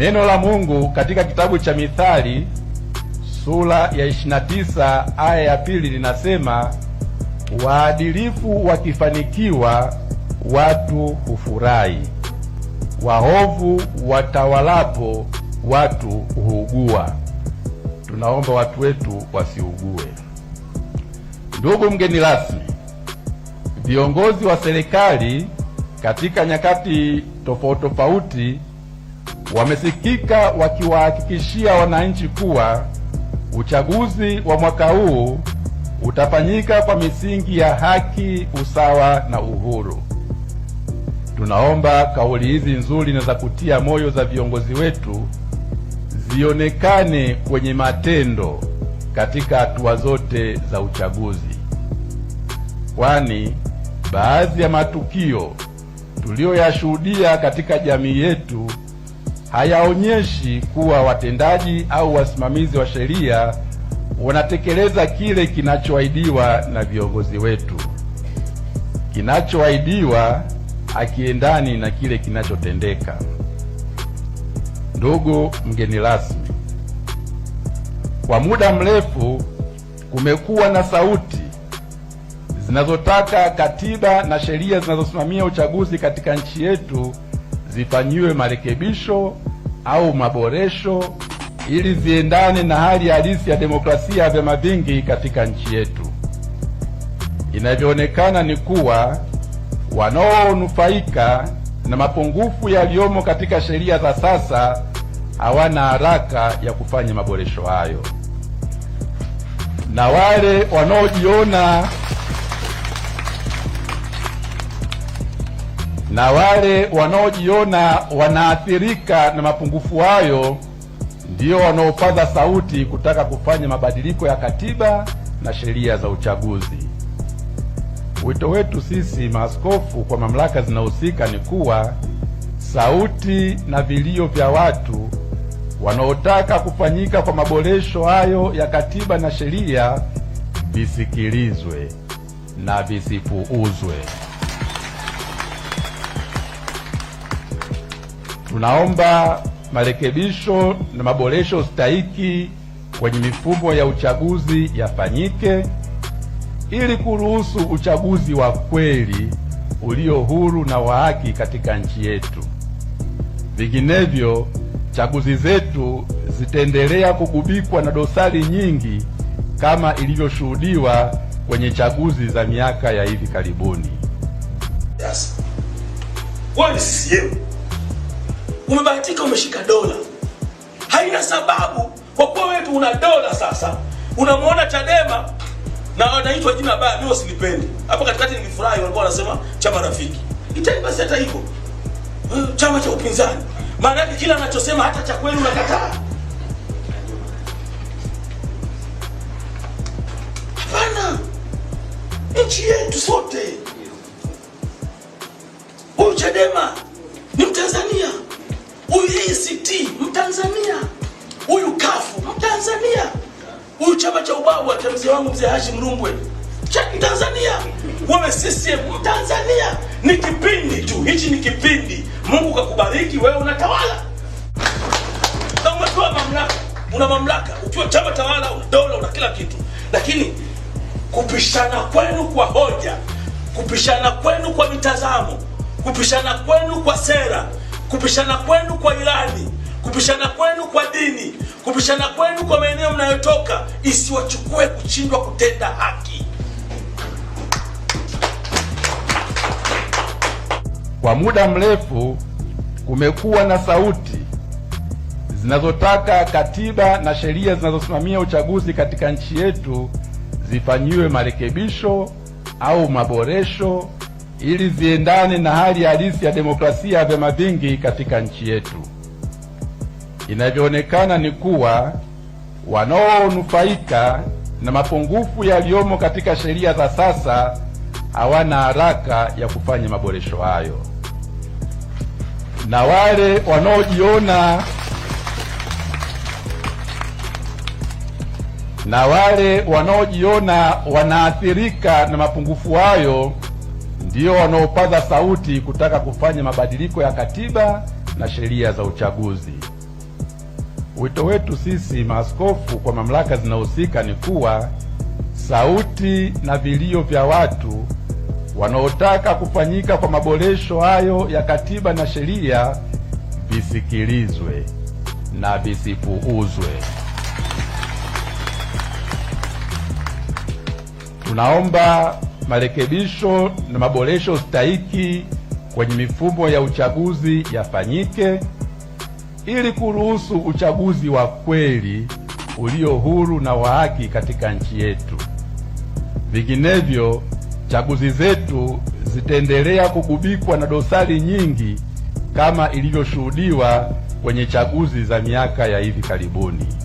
Neno la Mungu katika kitabu cha Mithali sura ya 29 aya ya pili linasema, waadilifu wakifanikiwa watu hufurahi, waovu watawalapo watu huugua. Tunaomba watu wetu wasiugue. Ndugu mgeni rasmi, viongozi wa serikali katika nyakati tofauti tofauti wamesikika wakiwahakikishia wananchi kuwa uchaguzi wa mwaka huu utafanyika kwa misingi ya haki, usawa na uhuru. Tunaomba kauli hizi nzuri na za kutia moyo za viongozi wetu zionekane kwenye matendo katika hatua zote za uchaguzi, kwani baadhi ya matukio tuliyoyashuhudia katika jamii yetu hayaonyeshi kuwa watendaji au wasimamizi wa sheria wanatekeleza kile kinachoahidiwa na viongozi wetu. Kinachoahidiwa akiendani na kile kinachotendeka. Ndugu mgeni rasmi, kwa muda mrefu kumekuwa na sauti zinazotaka katiba na sheria zinazosimamia uchaguzi katika nchi yetu zifanyiwe marekebisho au maboresho ili ziendane na hali halisi ya demokrasia ya vyama vingi katika nchi yetu. Inavyoonekana ni kuwa wanaonufaika na mapungufu yaliyomo katika sheria za sasa hawana haraka ya kufanya maboresho hayo, na wale wanaojiona na wale wanaojiona wanaathirika na mapungufu hayo ndio wanaopaza sauti kutaka kufanya mabadiliko ya katiba na sheria za uchaguzi. Wito wetu sisi maaskofu kwa mamlaka zinahusika ni kuwa sauti na vilio vya watu wanaotaka kufanyika kwa maboresho hayo ya katiba na sheria visikilizwe na visipuuzwe. tunaomba marekebisho na maboresho stahiki kwenye mifumo ya uchaguzi yafanyike ili kuruhusu uchaguzi wa kweli ulio huru na wa haki katika nchi yetu. Vinginevyo, chaguzi zetu zitaendelea kugubikwa na dosari nyingi kama ilivyoshuhudiwa kwenye chaguzi za miaka ya hivi karibuni. Yes umebahatika umeshika dola, haina sababu. Kwa kuwa wewe tu una dola sasa unamwona Chadema na anaitwa jina baya, mimi usinipende Hapo katikati nilifurahi, walikuwa wanasema chama rafiki. Itani basi hata hivyo eh, chama cha upinzani, maana yake kila anachosema hata cha kweli unakataa. Hapana, nchi yetu sote, huyu Chadema ni Mtanzania huyu ACT Mtanzania, huyu kafu Mtanzania, huyu chama cha ubabu cha mzee wangu mzee Hashim Rumbwe cha Mtanzania, wewe CCM Mtanzania. Ni kipindi tu hichi, ni kipindi Mungu kakubariki wewe, unatawala na umepewa mamlaka, una mamlaka ukiwa chama tawala, dola, una kila kitu, lakini kupishana kwenu kwa hoja, kupishana kwenu kwa mitazamo, kupishana kwenu kwa sera kupishana kwenu kwa ilani, kupishana kwenu kwa dini, kupishana kwenu kwa maeneo mnayotoka isiwachukue kushindwa kutenda haki. Kwa muda mrefu kumekuwa na sauti zinazotaka katiba na sheria zinazosimamia uchaguzi katika nchi yetu zifanyiwe marekebisho au maboresho ili ziendane na hali halisi ya demokrasia ya vyama vingi katika nchi yetu. Inavyoonekana ni kuwa wanaonufaika na mapungufu yaliyomo katika sheria za sasa hawana haraka ya kufanya maboresho hayo, na wale wanaojiona na wale wanaojiona wanaathirika na mapungufu hayo ndio wanaopaza sauti kutaka kufanya mabadiliko ya katiba na sheria za uchaguzi. Wito wetu sisi maaskofu kwa mamlaka zinahusika ni kuwa sauti na vilio vya watu wanaotaka kufanyika kwa maboresho hayo ya katiba na sheria visikilizwe na visipuuzwe. Tunaomba marekebisho na maboresho stahiki kwenye mifumo ya uchaguzi yafanyike ili kuruhusu uchaguzi wa kweli ulio huru na wa haki katika nchi yetu. Vinginevyo, chaguzi zetu zitaendelea kugubikwa na dosari nyingi kama ilivyoshuhudiwa kwenye chaguzi za miaka ya hivi karibuni.